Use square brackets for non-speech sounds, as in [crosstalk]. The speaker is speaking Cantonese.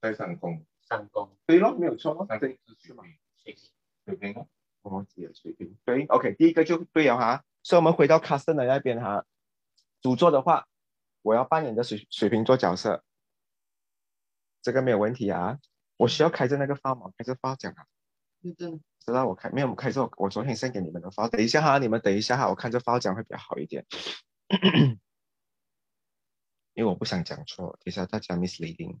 第三宮，三宮。對咯，沒有錯咯。隨便，我自由隨對，OK，第一個就對了。哈，所以我們回到 Customer 的那邊哈，主座的話，我要扮演的水水瓶座角色，這個沒有問題啊。我需要開住那個發毛，開住發獎啊、嗯。知道，知道，我開，沒有，我開住我昨天先給你們的發，等一下哈，你們等一下哈，我看住發獎會比較好一點。 [coughs] 因為我不想講錯，等一下大家 misleading。